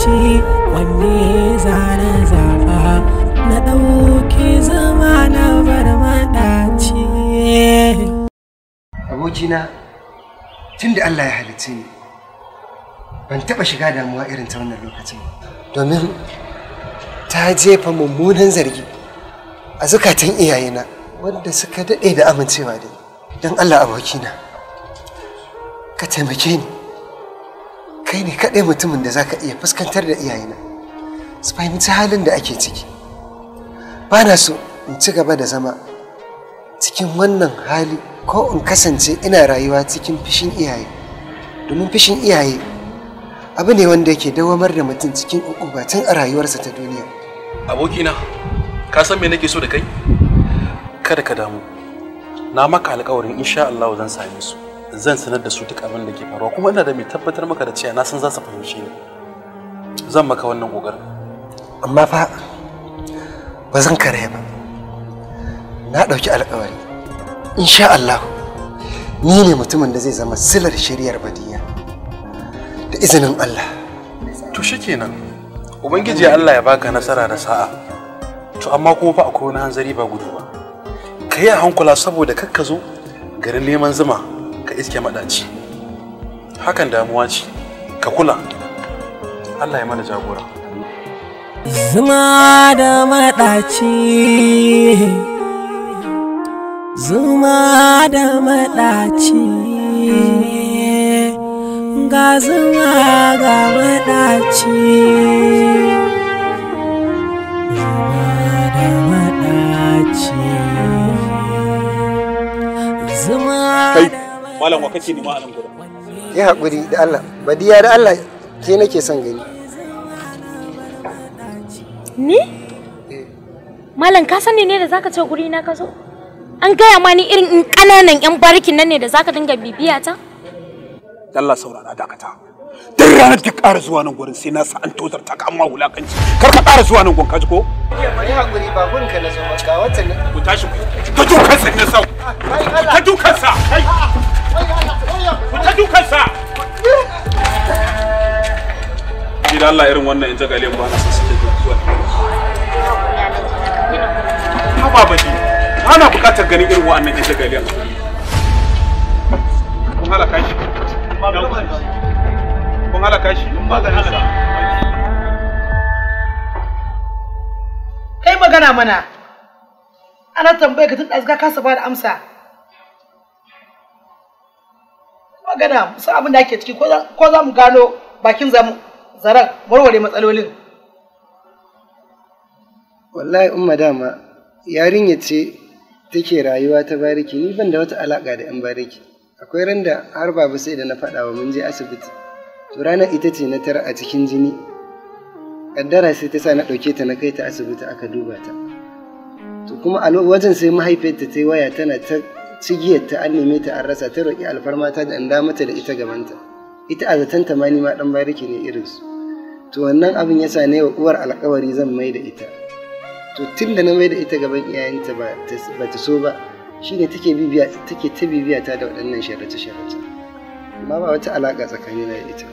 ce wanne zana zafa na ɗauki zama na bar maɗaci abokina tun da Allah ya halicce ni ban taɓa shiga damuwa irin ta wannan lokacin domin ta jefa mummunan zargi a zukatan iyayena wanda suka daɗe da amincewa da don Allah abokina ka taimake ni kai ne kaɗai mutumin da za ka iya fuskantar da iyayena su fahimci halin da ake ciki ba na so in ci gaba da zama cikin wannan hali ko in kasance ina rayuwa cikin fishin iyaye domin fishin iyaye abu ne wanda yake dawamar da mutum cikin ukubatun a rayuwarsa ta duniya abokina ka san me nake so da kai kada ka damu na maka alƙawarin insha Allah zan same su zan sanar da su duk abin da ke faruwa kuma ina da mai tabbatar maka da cewa na san za su fahimci ni zan maka wannan kokarin amma fa ba zan kare ba na ɗauki alƙawari insha Allah ni ne mutumin da zai zama silar shiriyar badiya da izinin Allah to shikenan ubangiji Allah ya baka nasara da sa'a to amma kuma fa akwai wani hanzari ba gudu ba ka yi hankula saboda kakka zo garin neman zuma iske maɗaci hakan damuwa ce ka kula Allah ya mana jagora zuma da maɗaci zuma da maɗaci ga zuma ga maɗaci Allah ma ni nema gurin ya hakuri da Allah badiya da Allah ke nake son gani ni malam ka sani ne da zaka ce guri na ka zo an gaya ma ni irin kananan yan barkin nan ne da zaka dinga bibiya ta Allah saurara dakata duk ranar ki ƙara zuwa nan gurin sai na sa an tozar ta amma wulakanci kar ka ƙara zuwa nan gurin ji ko bari hakuri ba gurin ka na zo ba wata ne ku tashi ku ka dukan sa na sa ka ah, dukan sa ku ta dukansa gida Allah irin wannan in jagaliyan ba na san suke zuwa ana bukatar ganin irin in kun halaka shi kun halaka shi kai magana mana ana tambaye ka tun ɗazga kasa ba da amsa magana musu abin da ake ciki ko za mu gano bakin zaren warware matsalolin wallahi umma dama yarinya ce take rayuwa ta bariki ni ban da wata alaka da yan bariki akwai ran da har babu sai da na faɗa wa mun je asibiti to ranar ita ce na tara a cikin jini kaddara sai ta sa na ɗauke ta na kai ta asibiti aka duba ta to kuma a wajen sai mahaifiyarta ta yi waya tana ta Tsigiyar ta an neme ta an rasa ta roƙi alfarma ta da an da mata da ita gabanta. Ita a zaton ta ma ma ɗan bariki ne irin su, To wannan abin ya sa ne wa uwar alƙawari zan mai da ita. To tun da na mai da ita gaban iyayenta ba ta so ba shine take bibiya take ta bibiya ta da waɗannan sharace-sharace. Amma ba wata alaƙa tsakani na ita.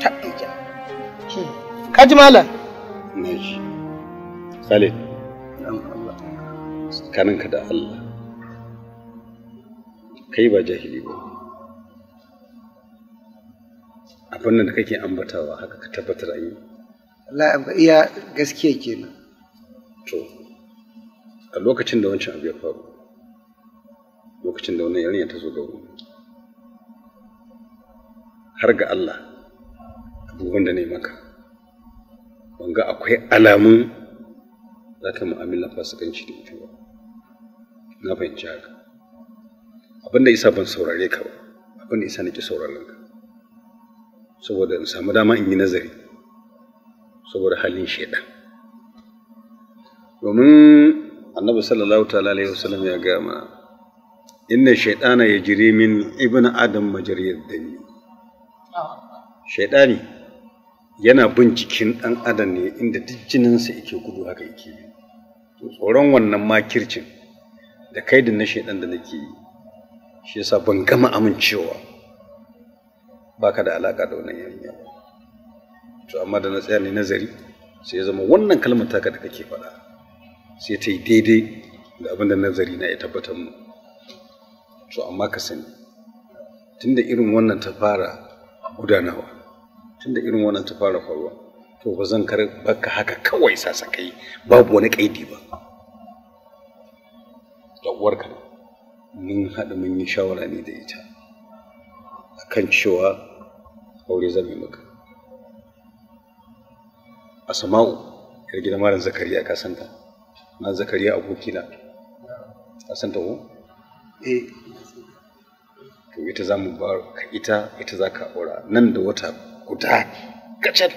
ɗauke Ka ji malam? Khalid. ji. Khalid. Kaninka da Allah. kai ba jahili ba abin da kake ambatawa haka ka tabbatar an yi Allah abu iya gaskiya kenan to a lokacin da wancan abu ya faru lokacin da wannan yarinya ta zo ga har ga Allah abubuwan da ne maka wanga akwai alamun za ka mu'amala fasikanci da ita ba na fahimci haka abin da isa ban saurare ka ba abin da isa nake sauraron ka saboda in samu dama in yi nazari saboda halin shaidan domin annabi sallallahu ta'ala alaihi wasallam ya ga mana inna shaidana ya jiri min ibn adam majariyar dani shaidani yana bin jikin ɗan adam ne inda duk jininsa yake gudu haka yake bi tsoron wannan makircin da kaidin na shaidan da nake yi shi yasa ban gama amincewa baka da alaka da wannan yarinya to amma da na tsaya ne nazari sai ya zama wannan kalmar taka da kake faɗa sai ta yi daidai da abin da nazari na ya tabbatar mu to amma ka sani tunda irin wannan ta fara gudanawa tunda irin wannan ta fara faruwa to ba zan kar baka haka kawai sasakai babu wani kaidi ba da uwarka mun haɗa mun yi shawara ne da ita akan cewa aure zan yi maka asama'u yar marar Zakari zakariya ka santa malam zakariya abokina ka santa ko eh to ita za mu bar ka ita ita za ka aura nan da wata guda kacal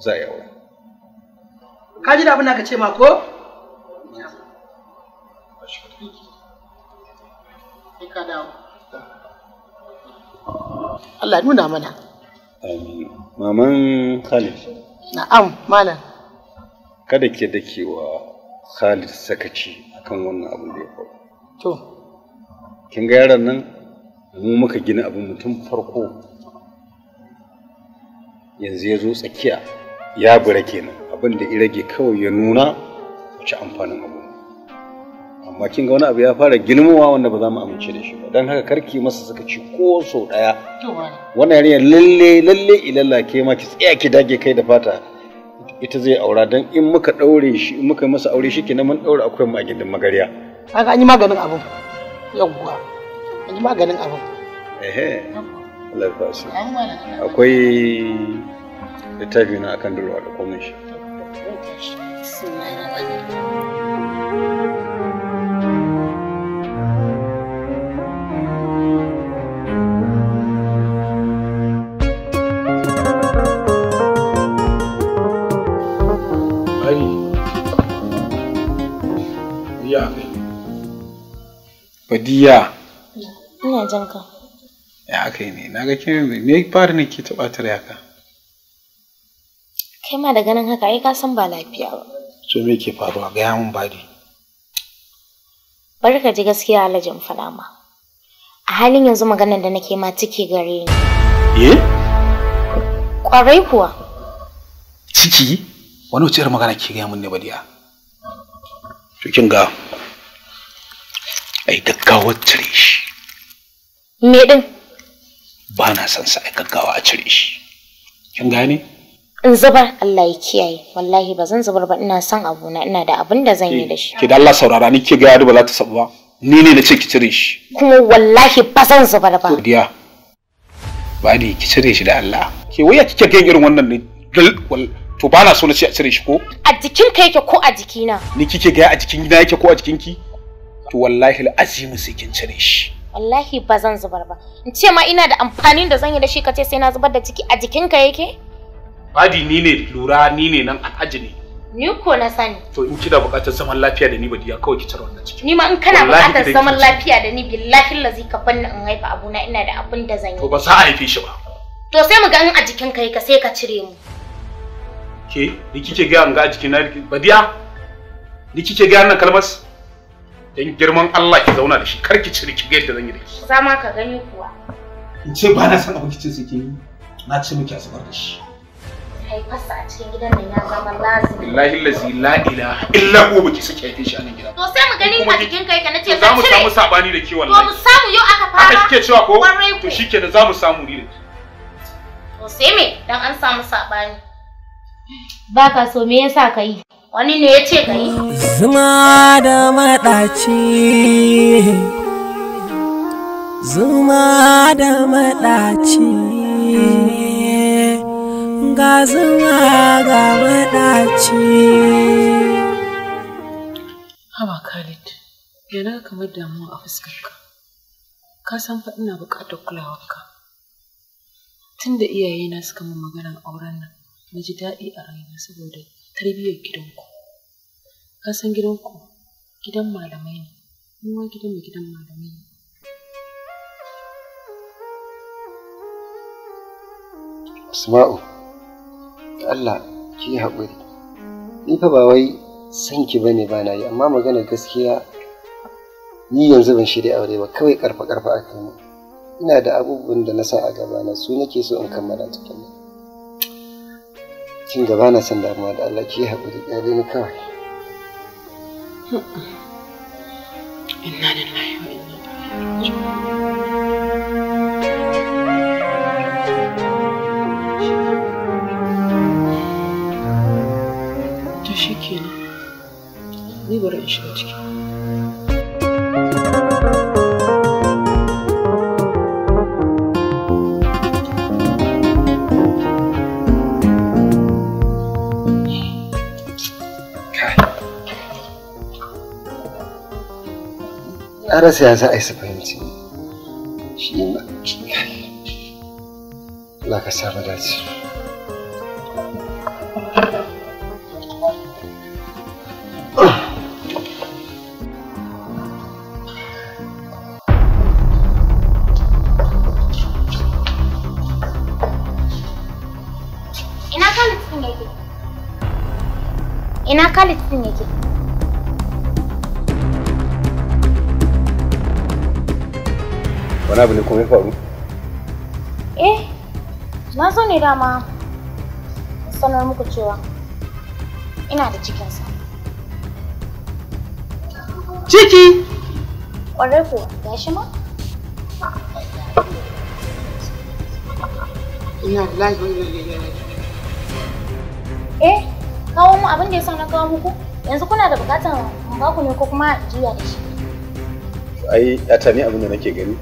za a yi aura ka ji da abin da ka ce ma ko Allah nuna mana maman Khalid na'am malam kada ke wa Khalid sakaci akan wannan abin da ya faru to kin ga yaron nan mu muka gina abin mutum farko yanzu ya zo tsakiya ya bura kenan abin da ya rage kawai ya nuna ci amfanin abu amma kin ga wani abu ya fara girmowa wanda ba za mu amince da shi ba don haka karki masa suka ci ko sau daya wannan yarinya lalle lalle ilalla ke ma ki tsaya ki dage kai da fata ita zai aura don in muka daure shi in muka masa aure shi kenan mun daura akwai mu a gidan magariya haka an yi maganin abu yawwa an yi maganin abu. ehe Allah ya fasi akwai littafi na akan durwa da komai shi Thank you. hari ya badiya ina jan ka ya aka ne na ga kin ne, fara ne ki taba ta haka kai ma da ganin haka ai ka san ba lafiya ba to me ke faruwa ga yamin badi bari ka ji gaskiya alajin faɗa ma a halin yanzu maganar da nake ma ciki gare ni eh kwarai kuwa ciki wani wuce irin magana ke gaya mun ne badiya cikin ga ai gaggawa cire shi me din ba na son sa ai gaggawa a cire shi kin gane in zubar Allah ya kiyaye wallahi ba zan zubar ba ina son abuna ina da abin da zan yi da shi ki da Allah saurara ni ke gaya yadda ba za ta sabu ba ni ne na ce ki cire shi kuma wallahi ba zan zubar ba godiya ba ni ki cire shi da Allah ke waya kike gan irin wannan ne to ba na so na ce a cire shi ko a jikin ka yake ko a jikina ni kike ga a jikin gida yake ko a jikin ki to wallahi azimu sai kin cire shi wallahi ba zan zubar ba in ce ma ina da amfanin da zan yi da shi kace sai na zubar da ciki a jikin ka yake Fadi ni ne lura ni ne nan alhaji ne ni ko na sani to in kina buƙatar zaman lafiya da ni ba, diya kawai ki tara wannan ciki ni ma in kana buƙatar zaman lafiya da ni billahi lazi ka fanni in haifa abuna ina da abin da zan yi to ba sa a haife shi ba to sai mu ga in a jikin ka yake sai ka cire mu ke ni kike ga an ga jikin na badiya ni kike ga nan kalmas dan girman Allah ki zauna da shi kar ki cire ki ga yadda zan yi da shi. sama ka gani kuwa in ce ba na san abin kicin su ke yi na ce miki a zubar da shi haifarsa a cikin gidan nan ya zama lazim. billahi lazi la ila illa huwa baki saki haife shi a nan gidan to sai mu gani a jikin kai ka nace zan cire samu sabani da ke wallahi to mu samu yau aka fara haka kike cewa ko to shikenan za samu ni da to sai me dan an samu sabani baka ka so me yasa ka yi wani ne ya ce ka yi zuma da madaci, zuma da madaci, ga zuma ga madaci. hawa khalid yana kamar damuwa a fuskarka ka san fa ina buƙatar kulawarka tunda iyayena suka mun maganar auren nan na ji daɗi a raina saboda tarbiyyar gidanku ka san gidanku gidan malamai ne kuma gidan mai gidan malamai ne Asma'u da Allah ki haƙuri ni fa ba wai san ki bane ba na yi amma magana gaskiya ni yanzu ban shirya aure ba kawai karfa karfa aka yi ina da abubuwan da na sa a gabana su nake so in kammala tukunna kin ga bana son damuwa da Allah ki haƙuri dai ni kawai inna lillahi wa inna ilaihi raji'un to shikenan ni bari in shiga ciki na rasa ya za a yi su fahimci shi ne Allah ka samu dace. wani abu ne kuma ya faru eh na zo ne dama sanar muku cewa ina da cikinsa ciki ƙwarai kuwa ya shi ma ina da lahi eh kawo mu abin da ya sa na kawo muku yanzu kuna da bukatar baku ne ko kuma jiya da shi ai ya tani abin da nake gani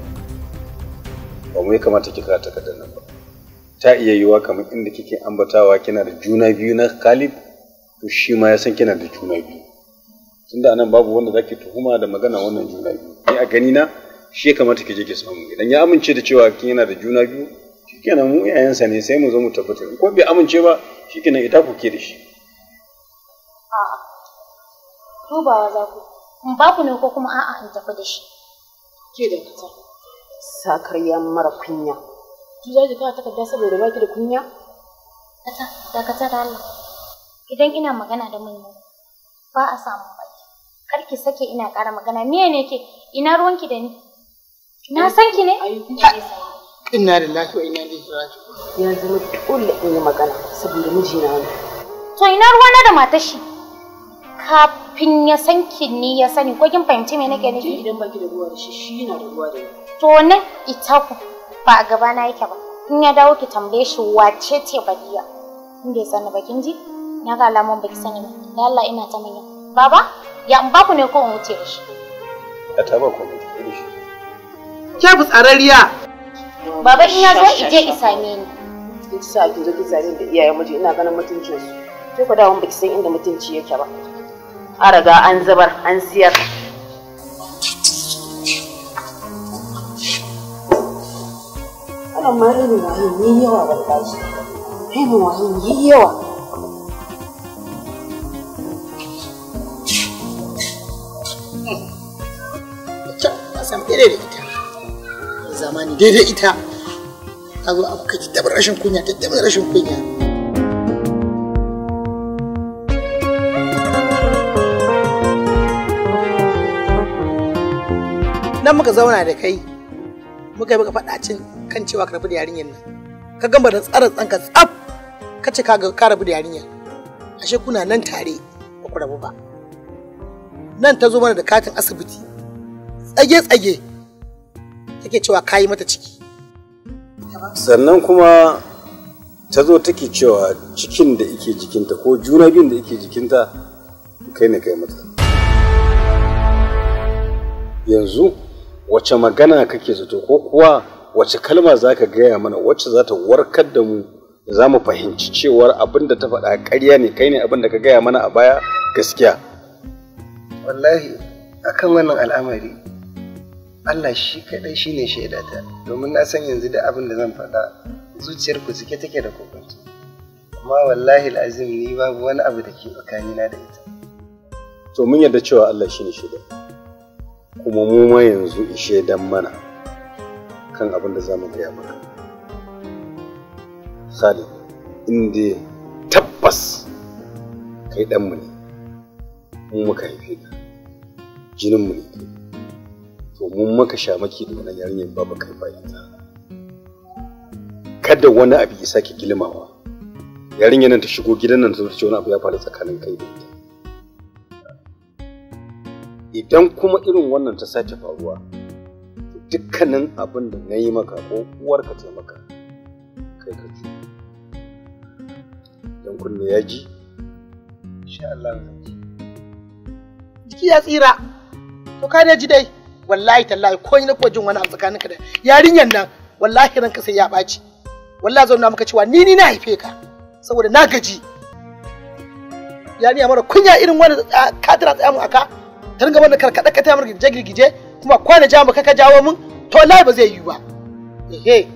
ba mu ya kamata ki kawo takardar nan ba ta iya yiwa kamar inda kike ambatawa kina da juna biyu na Khalid to shi ma ya san kina da juna biyu tunda anan babu wanda zaki tuhuma da magana wannan juna biyu ni a gani na shi ya kamata ki je ki samu idan ya amince da cewa kina da juna biyu shikenan mu iyayensa ne sai mu zo mu tabbatar ko bai amince ba shikenan ita ku ke da shi a'a dubawa za ku in ba ku ne ko kuma a'a in tafi da shi ke da fitar sakarya mara kunya ki za ki kawo takarda saboda ba ki da kunya kata ka da Allah idan ina magana da manya ba a samu baki kar ki sake ina ƙara magana miye ne ke ina ruwanki da ni na san ki ne inna lillahi wa inna ilaihi raji'un ya zama dole in yi magana saboda mijina ne to ina ruwana da matar shi kafin ya san ki ni ya sani ko kin fahimci me nake nufi idan baki da ruwa da shi shi yana da ruwa da ni to nan ita ku ba a gaba na yake ba in ya dawo ki tambaye shi wace ce bakiya in bai sani ba kin ji na ga alamun baki sani ba da Allah ina ta manya baba ya in ba ku ne ko in wuce da shi ka taba ku ne da shi ke fitsarariya baba in ya zo ije ne. ni kin sa ki zo ki same da iyayen miji ina ganin mutuncin su sai ku dawo baki san inda mutunci yake ba a riga an zubar an siyar amma irin wayan yi yawa wallahi irin wayan yi yawa san fere da ita zamani daidai ita a zo abu kake tabar rashin kunya ta tabar rashin kunya nan muka zauna da kai muka yi muka faɗa cin kan cewa ka rabu da yarinyar nan ka gama da tsara tsanka tsaf ka ce ka rabu da yarinya ashe kuna nan tare ba ku rabu ba nan ta zo mana da katin asibiti tsage-tsage take cewa kayi mata ciki sannan kuma ta zo take cewa cikin da ike jikinta ko juna biyun da ike jikinta kai ne kai mata yanzu wace magana kake zato ko kuwa wace kalma za ka gaya mana wacce za ta warkar da mu za mu fahimci cewar abin da ta faɗa ƙarya ne kai ne abin da ka gaya mana a baya gaskiya wallahi akan wannan al'amari Allah shi kaɗai shi ne shaidata domin na san yanzu da abin da zan faɗa zuciyar ku suke take da kokonci amma wallahi lazim ni babu wani abu da ke na da ita to mun yarda cewa Allah shi ne shaida kuma mu ma yanzu ishe mana kan abin da zamu mu gaya maka Khalid inda tabbas kai ɗanmu ne mu muka haife ka jininmu ne kai to mun maka shamaki da wannan yarinyar babu kai bayan ta kada wani abu ya sake gilmawa yarinyar nan ta shigo gidan nan ta ce wani abu ya faru tsakanin kai da ita idan kuma irin wannan ta sake faruwa dukkanin abin da na yi maka ko uwarka ta maka kai ka ji don kunne ya ji shi Allah ya ji jiki ya tsira to ka ne ji dai wallahi tallahi ko ni kuwa jin wani abu tsakaninka da yarinyar nan wallahi ranka sai ya ɓaci wallahi zauna maka cewa ni ni na haife ka saboda na gaji yarinya mara kunya irin wani kadira mu aka ta ringa wannan karkaɗa ka ta mara gije-gije kuma kwana ja mu ka jawo mun to lai ba zai yi ba ehe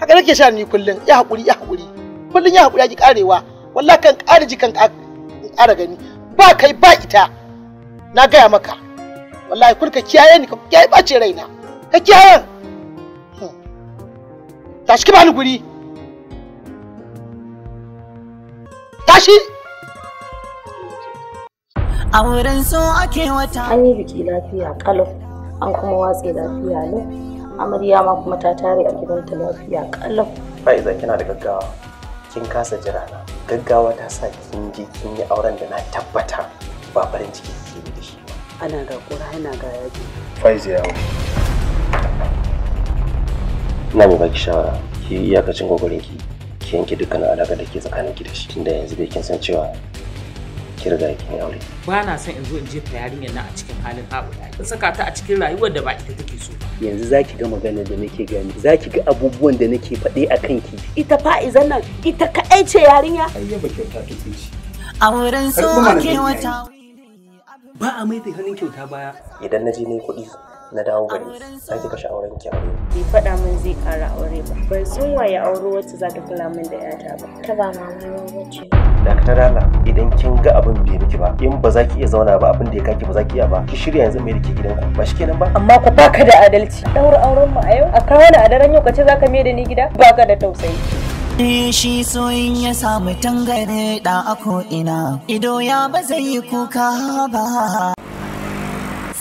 haka nake sha ni kullun ya hakuri ya hakuri kullun ya hakuri ya ki karewa wallahi kan kare ji kan kare gani ba kai ba ita na gaya maka wallahi kurka kiyaye ni ka kiyaye bace raina ka kiyaye hmm. tashi ki bani guri tashi a wurin so ake wata an yi biki lafiya kalau an kuma watse lafiya lau amarya ma kuma ta tare a gidanta lafiya kalau fa'iza kina da gaggawa kin kasa jira na gaggawa ta sa kin je kin yi auren da na tabbata ba farin ciki ke da shi ana ga kura ana ga yaji faiza yawo ina mai baki shawara ki iyakacin gwagwarin ki ki yanke dukkan alaƙar da ke tsakanin ki da shi tunda yanzu bai kin san cewa ki riga aure ba na son in zo in jefa yarinyar na a cikin halin haɓuya in saka ta a cikin rayuwar da ba ita take so yanzu za ki ga maganar da nake gani ki ga abubuwan da nake faɗe a ki. ita fa'izan nan ita kaɗai ce yarinya kyauta ta ce a wurin so a wata ba a mai hannun kyauta baya idan na je ne kuɗi na dawo gari za ki kashe auren ki aure. Bai faɗa min zai ƙara aure ba. Ban san waye aure wacce za ta kula min da 'yata ba. Ta ba mama wacce. Dakatar Allah idan kin ga abin bai miki ba in ba za ki iya zauna ba abin da ya kaki ba za ki iya ba ki shirya yanzu mai dake ke gidanku ba shi kenan ba. Amma ku baka da adalci. Ɗaura auren mu a yau a kawo ni a daren yau ka ce za ka mai da ni gida baka da tausayi. shi soyin ya samu tangare da ako ina ido ya ba zai yi kuka ba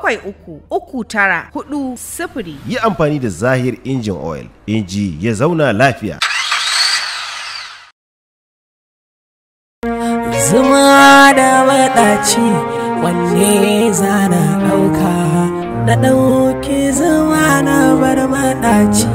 bakwai uku uku tara hudu sifiri. Yi amfani da Zahir injin oil, inji ya zauna lafiya. Zuma da maɗaci wanne za na ɗauka, na ɗauki zuma na bar maɗaci.